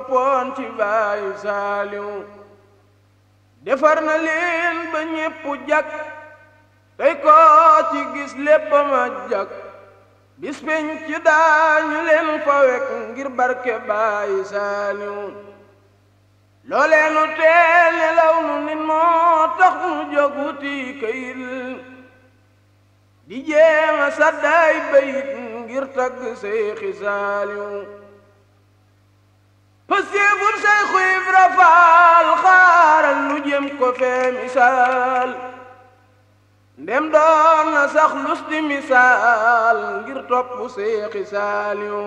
toppoon defar na leen ba ñépp jag tey koo ci gis lépp ma jag bis ci daañu leen fa wekk ngir barke baayu saaliw loolee nu teel nelaw nu nit moo tax nu jóg wuti këyil di jéema saddaay bayit ngir tagg seexi saaliw pastéeful Seexu Ibra Faal xaaral nu jëm ko fee misaal ndem doon na sax lusti misaal ngir topp seexi saaliw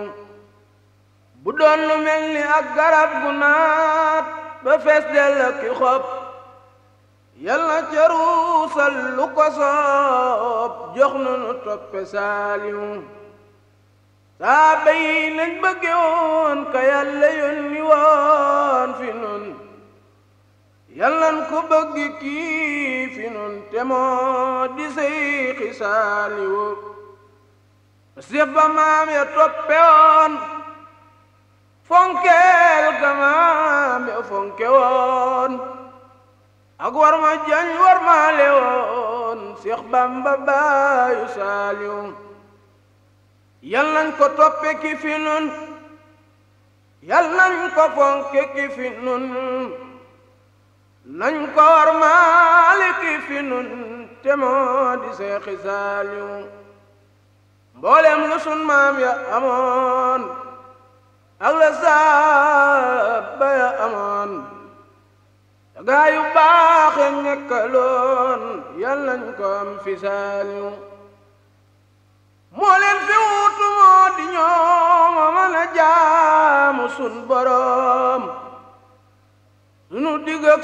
bu doon lu mel ni ak gu naat ba fees dell ki xob yàlla ca lu ko soob jox nu nu toppe saaliw saaba yi lañ bëgge woon ka yàlla yónni woon fi nun yàllan ko bëgg kii fi nun te di sey xisaaliwu séf ba maam ya toppe woon fonkeel ga maam ya fonke woon ak war ma jañ war maale woon séex bamba baayu saaliwu yal nañ ko toppe ki fi nun yal nañ ko fonke ki fi nun nañ ko war maale ki fi nun te moo seexi saaliw mboolem lu sun maam ya amoon ak la saaba ya amoon dagaayu baaxe ñekkaloon yal nañ ko am fi saaliw moo leen fi wutu moo di ñoom sun boroom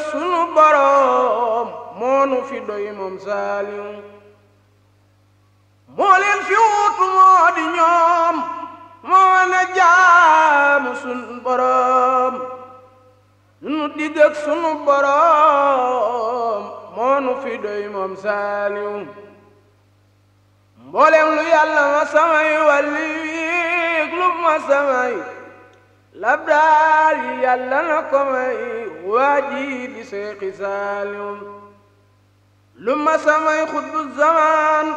sunu moo nu fi jaamu sun boroom sunu digg sunu boroom moo nu fi doy moom saaliw mboolem lu yàlla ma samay wàlli wiig lu ma samay labdaal yi yàlla na ko may waa ji di seexi saalim lu ma samay xutbu zamaan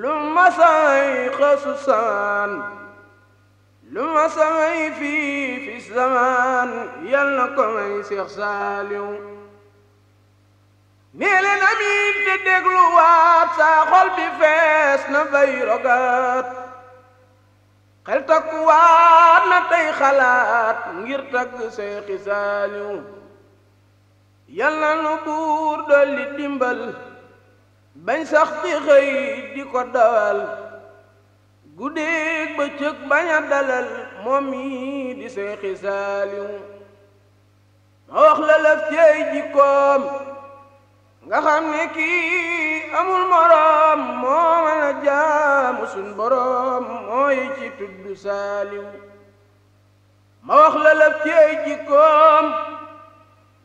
lu ma samay xasu samaan lu ma samay fii fi zamaan yàlla na ko may seex saalim nii leen amiin te dégluwaat saa xol bi fees na bay rogaat xel takkuwaat na tey xalaat ngir tagg Seexi yàlla nu buur dolli dimbal bañ sax di xëy di ko dawal guddeeg bëccëg bañ a dalal moom yi di Seexi ma wax la lëf jikkoom nga xam ne kii amul moroom moo mën a jaamu sun boroom mooy ci tudd saaliw ma wax la lëf ci ay jikkoom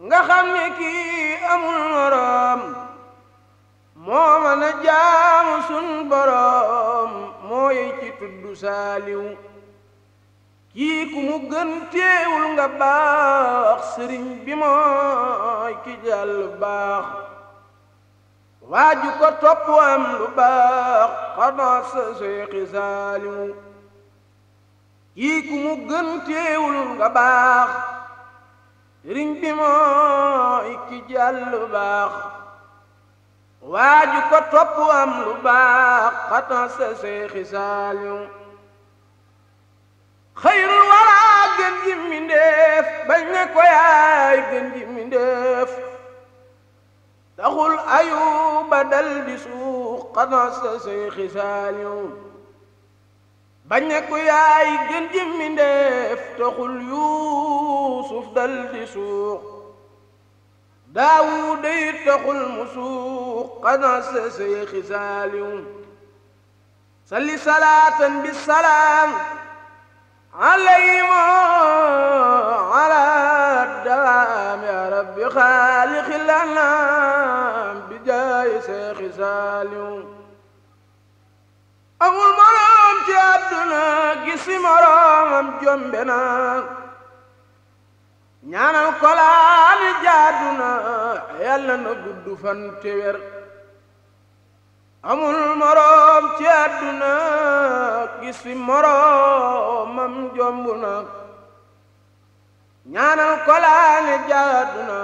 nga xam ne kii amul moroom moo mën a jaamu sun boroom mooy ci tudd saaliw kii ku mu gën teewul nga baax sëriñ bi mooy ki jàll baax waaju ko topp am lu baax xanaa sa seexi saalimu kii ku mu gën teewul nga baax riñ mooy ki jàll lu baax waaju ko topp am lu baax xanaa sa seexi saalimu xayrul waraa gën ji mi bañ ne ko yaay gën ji mi تقول أيوب بدل لسو قد سسي خساليو بنيكو يا اي جندي من ديف تقول يوسف دل لسو داود تقول مسوق قد سسي خساليو صلي صلاة بالسلام عليهم على السلام يا ربي خالق الأنام بجاي سيخ سالم أقول المرام في عبدنا قسي مرام جنبنا نانا نعم القلال جادنا يلا نقود فانتبر أمول مرام في عبدنا قسي مرام جنبنا ñaanal kolaane jaadu na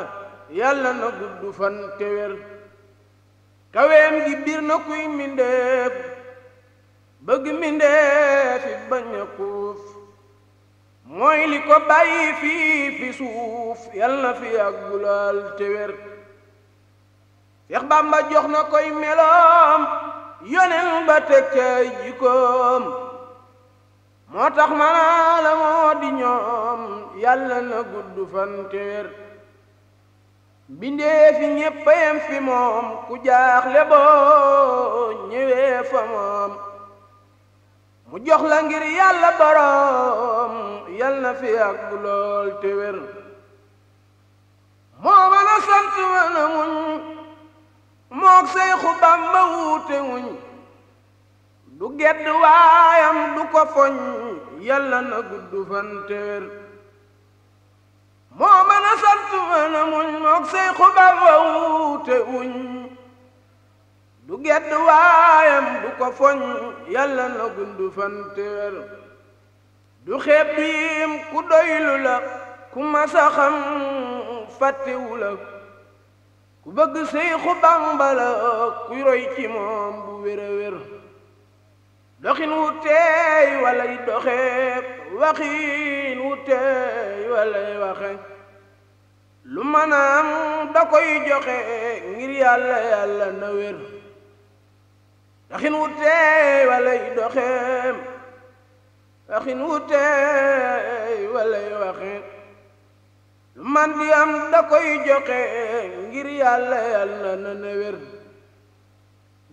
yàlla na gudd fan te kaweem gi biir na kuy mbindeef bëgg mbindeef fi bañ a kuuf mooy li ko bàyyi fii fi suuf yàlla na fi ak gulaal te wér Seex jox na koy meloom yoneen ba teg cay jikoom moo tax manaa la moo di ñoom yàlla na gudd fan te wér bindee fi ñépp yem fi moom ku jaaxle boo ñëwee fa moom mu jox la ngir yàlla boroom yal na fi ak lool te wér moo mën sant mën a muñ mook Seyxu Bamba wuute wuñ du gedd waayam du ko foñ yàlla na gudd fanteer moo mën a sant mën a muñ mook say xubar wawute uñ du gedd waayam du ko foñ yàlla na gudd fanteer du xeeb biim ku doylu la ku masa xam fàttewu la ku bëgg say xubam bala kuy roy ci moom bu wér doxin wu teey walay doxe waxin wu teey walay waxe lu mën a am da koy joxe ngir yàlla yàlla na wér doxin wu teey walay doxe waxin wu teey walay waxe lu man di am da koy joxe ngir yàlla yàlla na na wér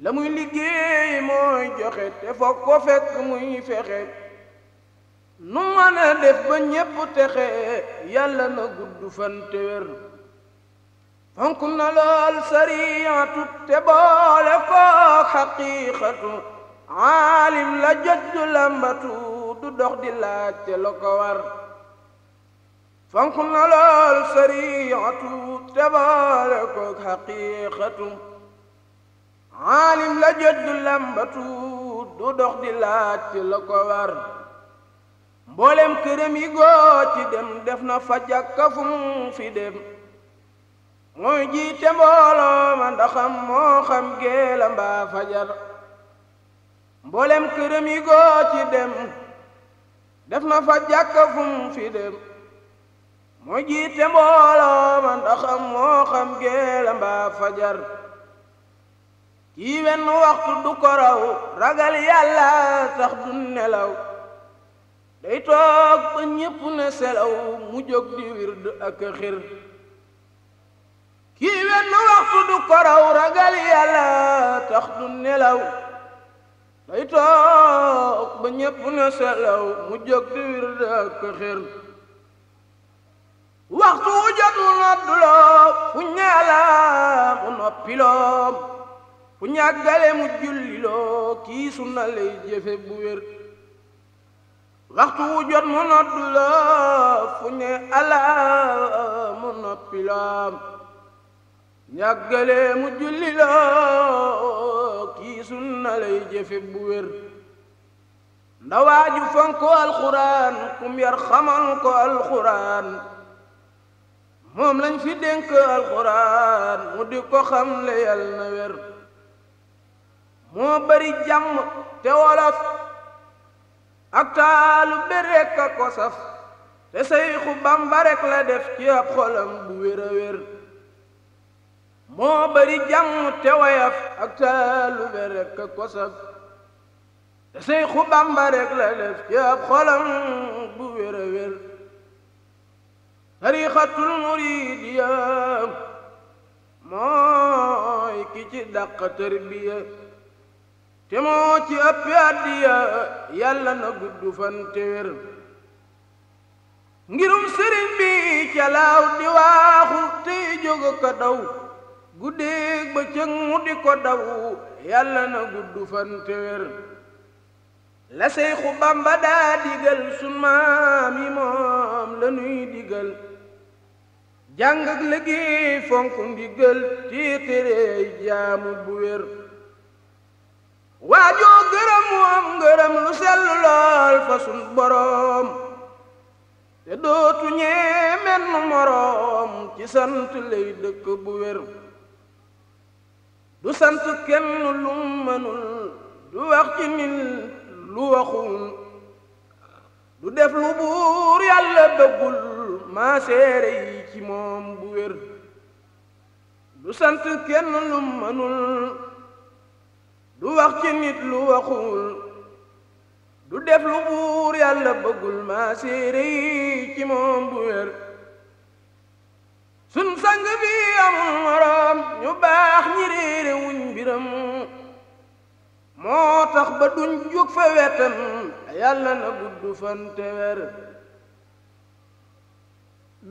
la muy liggéey mooy joxe te foog fekk muy fexe nu mën a def ba ñépp texe yàlla na gudd fan te wér fonk na lool sariyatu te boole kook xaqiiqatu aalim la jot du làmbatu du dox di laaj te la ko na lool sariyatu te boole kook xaqiiqatu aalim la jëddu làmbatu du dox di laaj ci la ko war mboolem këram yi goo ci dem def na fa jàkka fu fi dem mooy jiite mbooloo ma ndaxam moo xam mbaa fajar mboolem këram yi goo ci dem def na fa jàkka fu fi dem mooy jiite mbooloo ma ndaxam moo xam mbaa fajar yi wenn waxtu du ko ragal yàlla sax du nelaw day toog ba ñépp ne selaw mu jóg di wird ak xir kii wenn waxtu du ko ragal yàlla tax du nelaw day toog ba ñépp ne selaw mu jóg di wird ak xir waxtu wu jot mu nodduloo fu ñaala mu noppiloom ku ñàggale mu julliloo kii sunna lay jëfe bu wér waxtu wu jot mu noddu la fu ne ala mu noppi la ñàggale mu julliloo kii sunna lay jëfe bu wér ndawaaju fonko alxuraan kum yar xamal ko alxuraan moom lañ fi dénk alxuraan mu di ko xam le na wér moo bari jàmm te wolof ak taalu be a ko saf te Seyxu Bamba rek la def ci ab xolam bu wér moo bari jàmm te woyof ak taalu be a ko saf te Seyxu Bamba rek la def ci ab xolam bu wér a wér tariqatul mooy ki ci dàq tërbiya te moo ci ëppi àddiya yàlla na gudd fan te ngirum sëriñ bi calaaw di waaxu tey jóg ko daw guddeeg ba cëg mu di ko daw yàlla na gudd fan te wér la Seyxu Bamba digal sun maam yi moom la nuy digal jàng ak liggéey fonk ndigal téetéreey jaamu bu wér waajoo gërëm moom gërëm lu sell fa sun boroom te dootu menn moroom ci sant lay dëkk bu wér du sant kenn lu mënul du wax ci nit lu waxul du def lu buur yàlla bëggul maa seere yi ci moom bu wér du sant kenn lu mënul du wax ci nit lu waxul du def lu buur yàlla bëggul maa séere yi ci moom bu wér sun sang bi amul moroom ñu baax ñi réere wuñ mbiram moo tax ba duñ jóg fa wetam yàlla na gudd fan te wér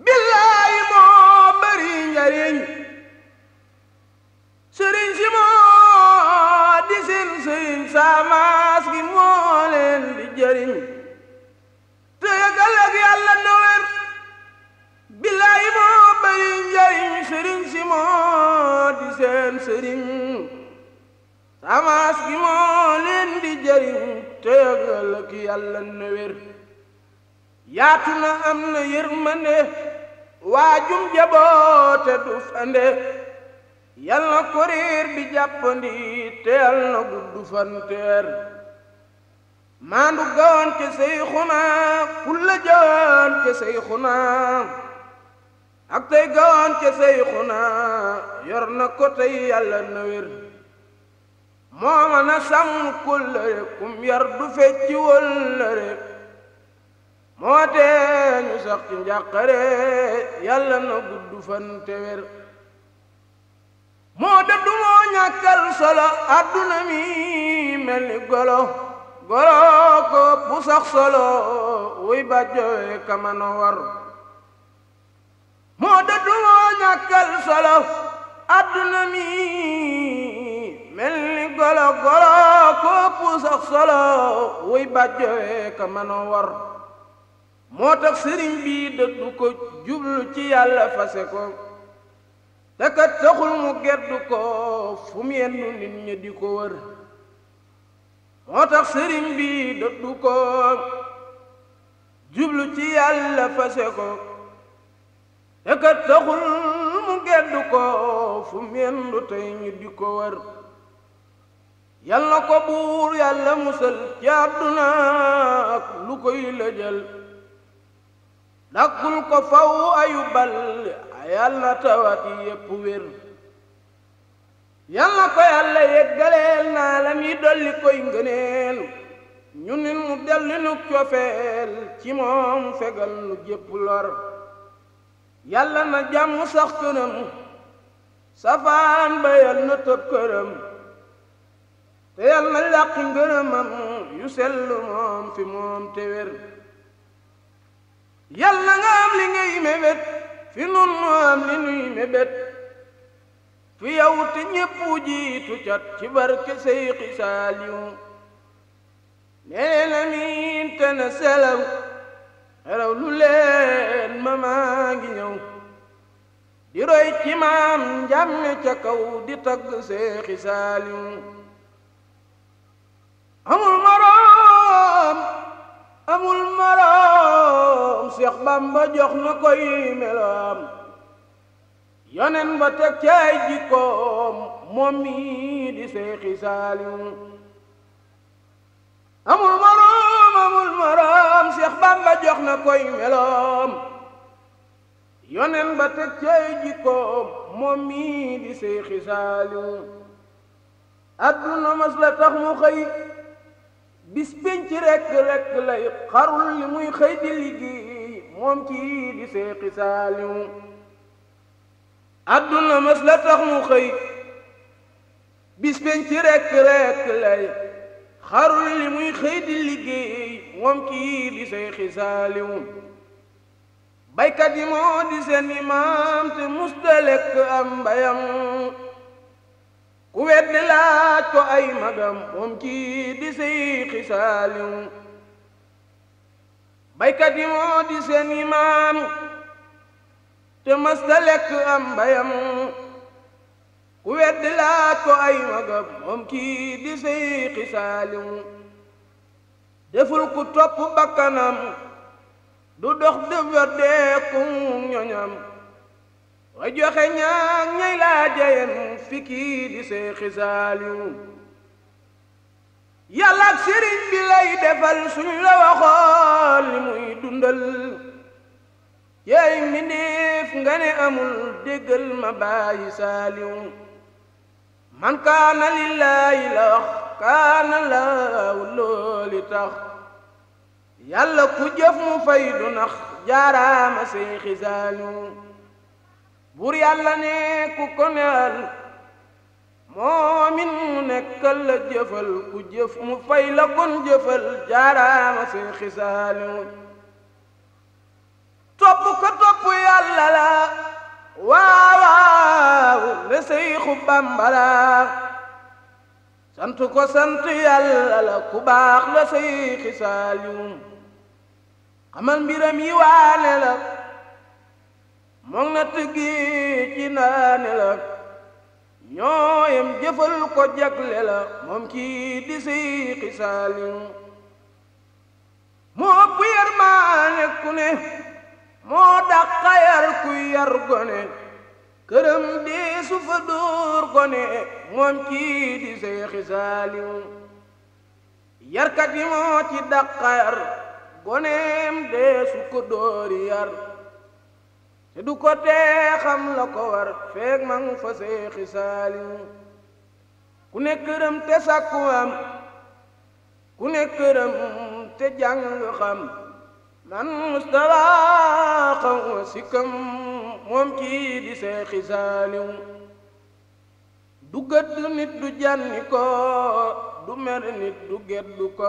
billaahi bari njariñ sëriñ si moo muqaddisin suyin saamaas gi moo leen di jëriñ te yëgal ak yàlla moo bëri njëriñ sëriñ si moo di seen sëriñ saamaas moo leen di jëriñ te yëgal ak yàlla am na yërmande waajum jaboote du yal na kuréer bi jàppandi te yal na gudd fanteer maandu gawoon ke Seyxuna kulla jawoon ke Seyxuna ak tey gawoon ke Seyxuna yor na ko tey yàlla na wér moo mën a sàmm kóllëre kum yar du fecci wóllëre moo tee ñu sax ci njàqare yàlla na gudd fan te moo de du moo solo adduna mi mel ni golo golo ko bu solo wuy ba jooy kamano war moo de du solo adduna mel ni golo golo ko bu solo wuy ba jooy kamano war moo tax sëriñ bi dëddu ko jublu ci yàlla fase ko te kat mu geddu ko fu mu nit ñi di ko wër moo tax sëriñ bi dëddu ko jublu ci yàlla fase ko te kat mu geddu ko fu mu tey ñu di ko wër yal na ko buur yàlla musal ci àdduna lu koy lëjal dakkul ko faw ayu yàlla tawat yi yépp wér yàlla ko yàlla yéggaleel naa la mi dolli koy ngëneel ñu nit mu delli nu cofeel ci moom fegal nu jépp lor yàlla na jàmm sax këram safaan bayal na tëb këram te yàlla na làqi ngërëmam yu sellu moom fi moom te wér yàlla nga am li ngay mébét fi nun nu am li nuy mébét fi yow te ñépp jiitu cat ci barke Seyxi Saaliw nee na miin te na selaw xeraw lu leen ma maa ngi di roy ci maam njàmme ca kaw di tagg Seyxi Saaliw amul maram sheikh Bamba jox na koy melam yonen ba tek ci jikkoom moom mi di sheikh salim amul maram amul maram sheikh Bamba jox na koy melam yonen ba tek ci jikkoom moom mi di sheikh salim aduna masla tax mu xëy bis pénc rekk rekk lay xarul li muy xëy di liggéey moom kii di seexi saaliw àdduna mas la tax xëy bis pénc rekk rekk lay xarul li muy xëy di liggéey moom kii di seexi saaliw baykat yi moo di seen imaam te musta am mbayam ku weddi laaj ko ay magam moom kii di Seyxi Saaliw baykat yi moo di seen imaam te mas lekk am bayam ku weddi laaj ko ay magam moom kii di Seyxi Saaliw deful ku topp bakkanam du dox dëgër dee ku ñoñam way joxe ñaag ñay laa jayen fi kii di ak sëriñ bi lay defal suñ la waxoon li muy dundal yey mbindéef nga ne amul déggal ma bàyyi saaliw man kaana lillaahi la wax kaana laahu looli tax yàlla ku jëf mu fay nax jaaraama say xisaaliw buur yàlla ne ku ko neal moomin nekkal la jëfal ku jëf mu fay la kon jëfal jaaraama si xisaali mu ko topp yàlla la waawaaw ne seyxu bambala sant ko sant yàlla la ku baax la sey xisaali xamal mbiram yi waane la moom natt gi ci naane la ñooyam jëfal ko jagle la moom kii di xisaalin mu ëpp yar maane ku ne moo dàqa yar ku yar gone këram dee fa dóor gone moom kii di xisaalin yarkat yi moo ci dàqa yar goneem dee ko dóori yar te du ko tee xam la ko war feeg ma ngi fa seexi saaliw ku ne këram te sàkku ku ne këram te jàng xam man mustawa xaw sikkam moom kii di seexi saaliw du gëdd nit du jànni ko du mer nit du geddu ko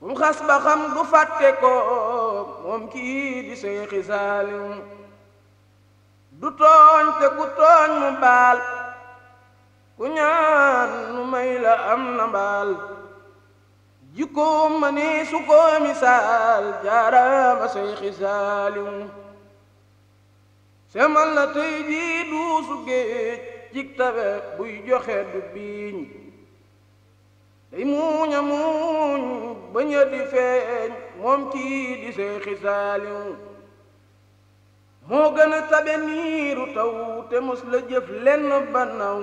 kum xas ba xam du fàtte ko moom kii di Seyxi Saaliw du tooñ te ku tooñ mu baal ku ñaan nu may la am na mbaal jikkoom ma ne su misaal jaaraama Seyxi Saaliw semal na tey jii duusu géej cig tabe buy joxe du biiñ day muuña muuñ ba ña di feeñ moom kii di seexi saaliw moo gën a tabe niiru taw te mos la jëf lenn banaw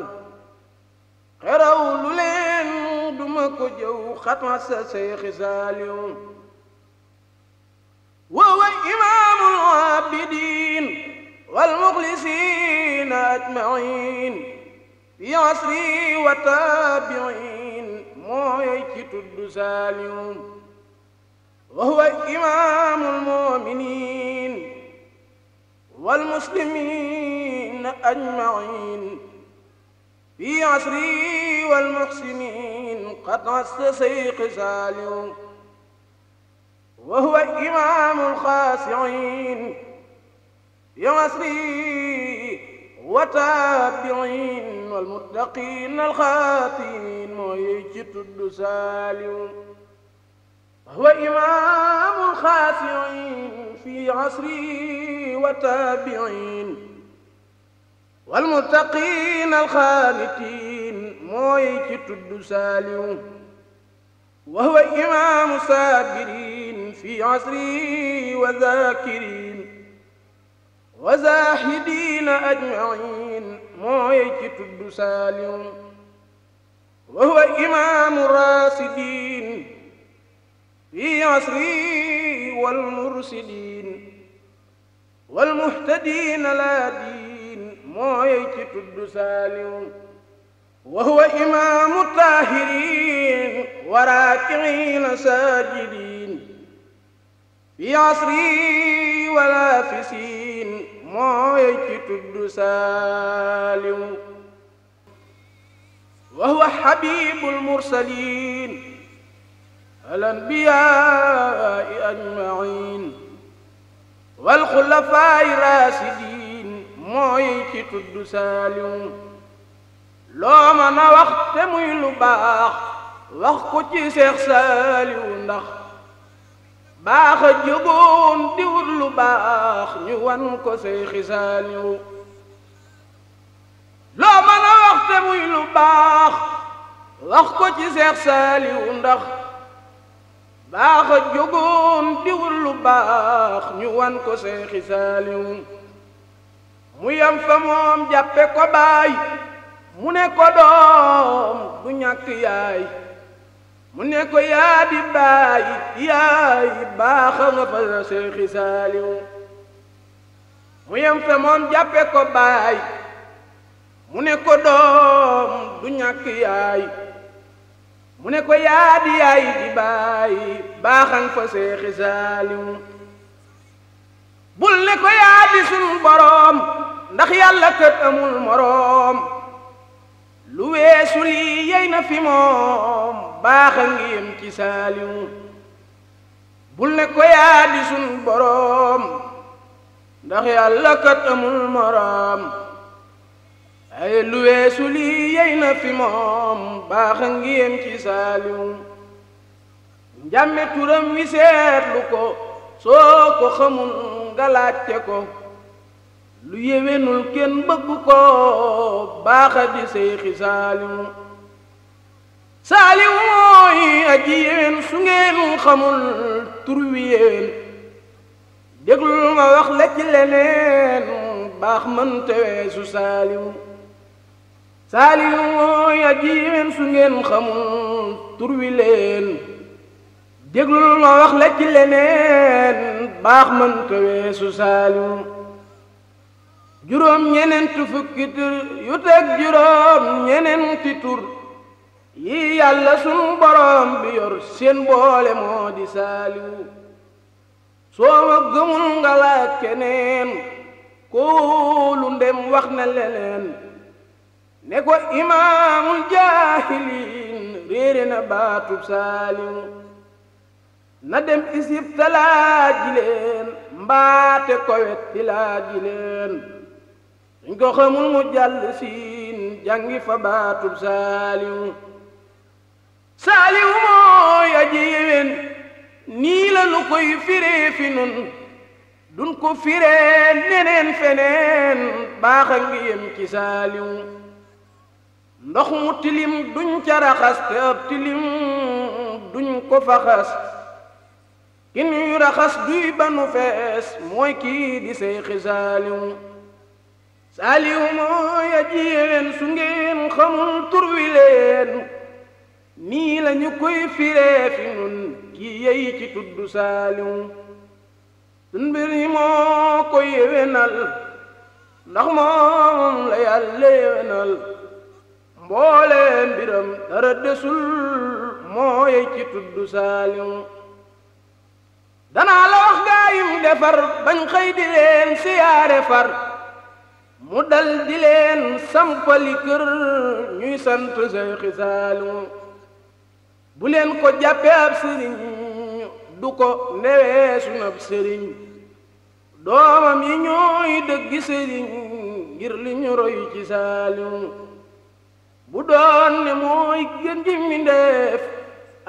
xeraw lu leen duma ko jëw xatma sa seexi saaliw wawa imaamul abidin wal muxlisiin ajmain fi asri wa taabiin موكتد سالم وهو إمام المؤمنين والمسلمين أجمعين في عصري والمحسنين قد استسيق سالم وهو إمام الخاسعين في عصري وتابعين والمتقين الخاتين ويجت الدسالم وهو إمام الخاسعين في عصره وتابعين والمتقين الخانتين مويكت الدسالم وهو إمام السابرين في عصره وذاكرين وزاهدين أجمعين مويك تد سالم وهو إمام الراسدين في عصره والمرسلين والمهتدين لا دين مويك تد سالم وهو إمام الطاهرين وراكعين ساجدين في عصره والافسين موي تي تود سالم وهو حبيب المرسلين الانبياء اجمعين والخلفاء الراشدين موي تي تود سالم لو ما وقت موي لو باخ واخ كو تي شيخ سالم نخ baax a jógoon di lu baax ñu wan ko say xisaaniwu loo mën a waxte muy lu baax wax ko ci seex saaliwu ndax baax a jógoon di lu baax ñu wan ko say xisaaniwu mu fa moom jàppe ko baay mu ne ko doom du ñàkk yaay منكو يا بباي يا با خنف شيخ سالم ويام فمام جابكو باي منكو دوم دنيا كياي منكو يا دي اي باي با خنف شيخ سالم بول نكو يا دي سن بروم ndax yalla keut amul morom lu weesu lii yey na fi moom baax ngi yem ci saalimu bul ne ko yaa di boroom ndax yàlla kat amul moroom ay lu weesu lii yey na fi moom baax ngi yem ci saalimu njàmme turam wi seetlu ko soo ko xamul nga ko lu yéwénul kenn bëgg ko baaxa di seyxi saalimu saalimu mooy aji yéwén su ngeen xamul tur wi yéwén déglul ma wax la ci leneen baax mën teweesu saalimu saalimu mooy aji yéwén su ngeen xamul tur wi leen déglul ma wax la ci leneen baax mën teweesu saalimu juróom ñeneenti fukki tur yu teg juróom ñeneenti tur yi yàlla sunu boroom bi yor seen boole moo di saaliwu soo ma gëmul nga laaj koolu ndem wax na leneen ne ko imaamul jaahiliin réere na baatub saaliwu na dem isib talaaji leen mbaate kowet tilaaji leen suñ ko xamul mu jàll siin jàngi fa baatub saaliw saaliw mooy aji yéwén nii la nu koy firee fi nun dun ko firee neneen feneen baax a ngi yem ci saaliw ndox mu tilim duñ ca raxas te ab tilim duñ ko fa ki nuy raxas duy ba fees mooy kii di say xisaaliw saalihu mooy ajileen su ngeen xamul tur leen nii ñu koy firee nun ki yey ci tudd saalihu sun mbir moo ko yéwénal ndax moom la yàlla yéwénal mboole mbiram dara desul moo yey ci tudd saalihu danaa la wax gaa defar bañ xëy leen siyaare far mu dal di leen sampali kër ñuy sant Seexi Saalimu bu leen ko jàppe ab sëriñ du ko neweesu na ab sëriñ doomam yi ñooy dëggi sëriñ ngir li roy ci Saalimu bu doon ne mooy gën ji mbindéef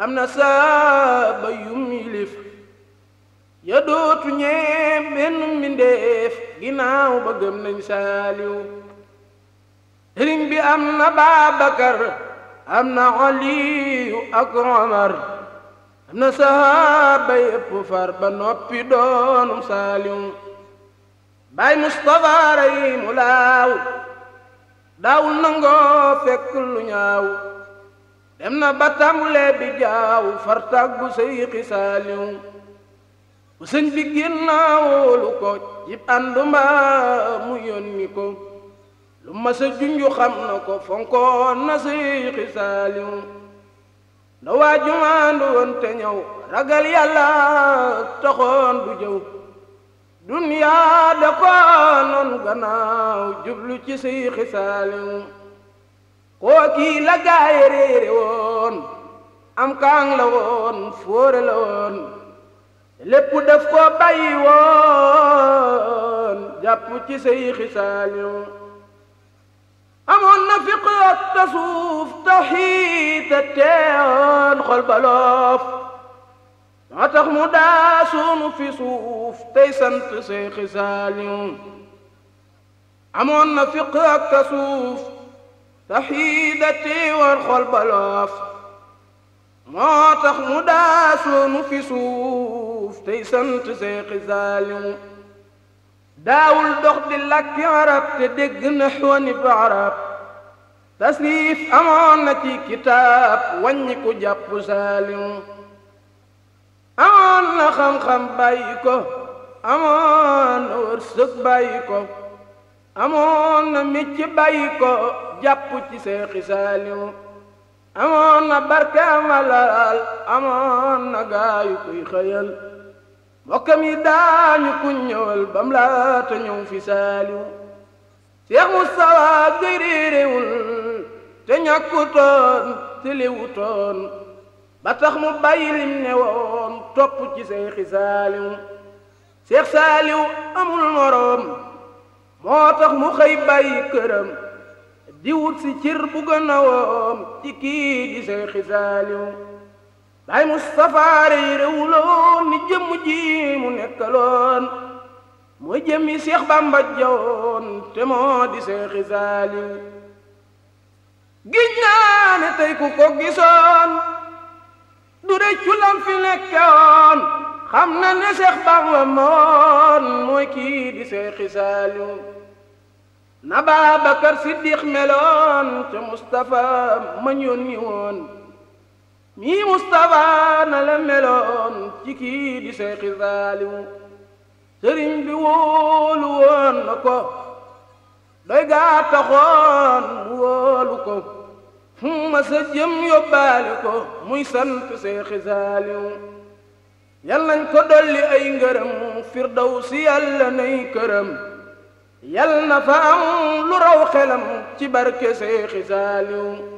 am na saaba yum yilif ya dootu ginnaaw ba gëm nañ saaliw sëriñ bi am na baabakar am na aliyu ak omar am na sahaaba yépp far ba noppi doonum saaliw baay mustafa mu laaw daawul nangoo fekk lu ñaaw dem na ba tàmbulee bi jaaw far tàggu seyxi saaliw bu sëñ bi woolu ko yib àndu mbaa mu ko lu mas a junju xam na ko fonkoon na Seexi Saaliw nda waa jumaandu woon te ragal yàlla taxoon du jëw duniyaa da ko noon gannaaw jublu ci Seexi Saaliw koo kii gaaye réere woon am kaang la woon fóore la woon lépp daf ko bàyyi woon jàpp ci say xisaaliw amoon na fiq ak tasuuf taxiita teewoon xol baloof moo tax mu daa suunu fi suuf tey sant say xisaaliw amoon na fiq ak tasuuf taxiita teewoon xol baloof moo tax mu daa suunu fi suuf suuf tey sant Seexi Saaliw daawul dox di làkki arab te dégg na xoni fa arab tasrif amoon na ci kitaab wàññi ku jàpp Saaliw amoon na xam-xam bàyyi amoon na wërsëg bàyyi ko amoon na micc bàyyi ko jàpp ci amoon na barke amalal amoon na gaayu kuy xëyal mbokkam yi daañu ku ñëwal bam laata ñëw fi saaliw Cheikh Moustapha Gueye réeréwul te ñàkkutoon te léwutoon ba tax mu bàyyi lim ne woon topp ci seexi saaliw Cheikh saaliw amul moroom moo tax mu xëy bàyyi këram di wut si cir bu gën a ci kii seexi saaliw day Mustapha rey ni jëmm ji mu nekkaloon mooy jëmmi Seex Bamba jawoon te moo di Seexi Saaliw giñ naa ne tey ku ko gisoon du rëccu lam fi nekkoon xam na ne Seex Bamba moon mooy kii di Seexi Saaliw na Baabakar Siddiq meloon te Mustapha ma mii Mustapha na la meloon ci kii di Seexi sëriñ bi wóolu woon na ko doy gaa taxoon mu wóolu ko ma sa jëm yóbbaale ko muy sant Seexi Saaliwu yal nañ ko dolli ay ngërëm firdawsi yàlla nay këram yal na fa am lu raw xelam ci barke Seexi Saaliwu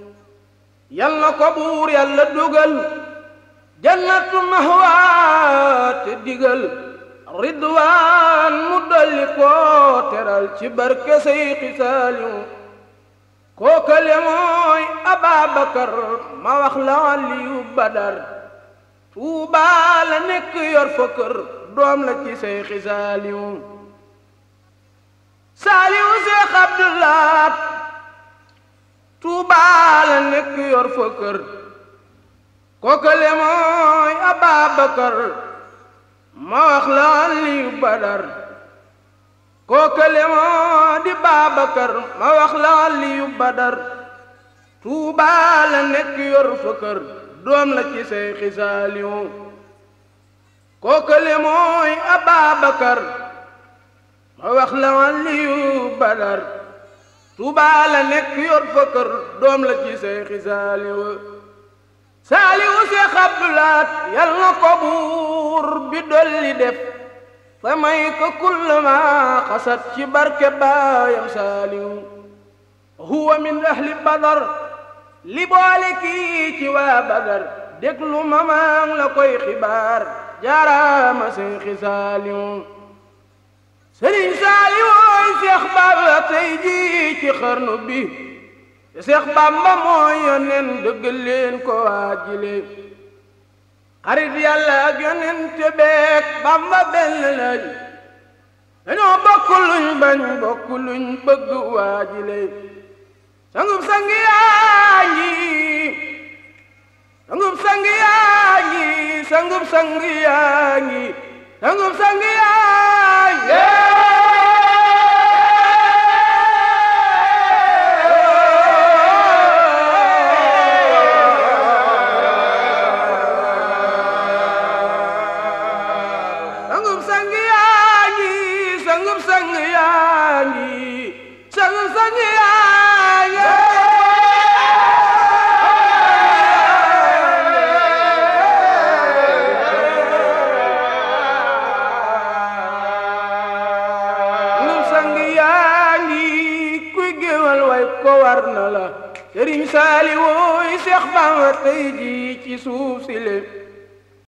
yal na ko buur yàlla dugal jannatu mahwa te digal ridwaan mu dolli koo ci barke Seydi Saaliw kookale mooy Ababakar ma wax la Aliyu Badar Tuuba la nekk yor fa doom la ci Seydi Saaliw Saaliw Seex Abdulaat Tuubaa la nekk yor fa kër mooy Ababakar ma wax la Aliyu Badar kookale moo di Babakar ma wax la Aliyu Badar Tuubaa la nekk yor fa kër la ci say xisaaliwu mooy Ababakar ma wax la Aliyu Badar Tuubaa la nekk yor fa kër doom la ci seexi saaliwa saaliwu seex Abdulaat yal na ko buur bi dolli def te may ko kullama xasat ci barke baayam saaliwu huwa min ahli badar li boole kii ci waa badar déglu ma maa ngi la koy xibaar jaaraama seexi saaliwu sëriñ saali wooy seex bàmba tey jii ci xarnu bi te seex bàmba mooy yoneen leen ko waajile xarit yàlla ak beek bàmba benn lañ dañoo bokk luñ bañ bokk bëgg waajile sangub sangi yaa ngi sangub sangi sangub sangi nangum sang yaay Cheikh Bamba tey jii ci suuf si lépp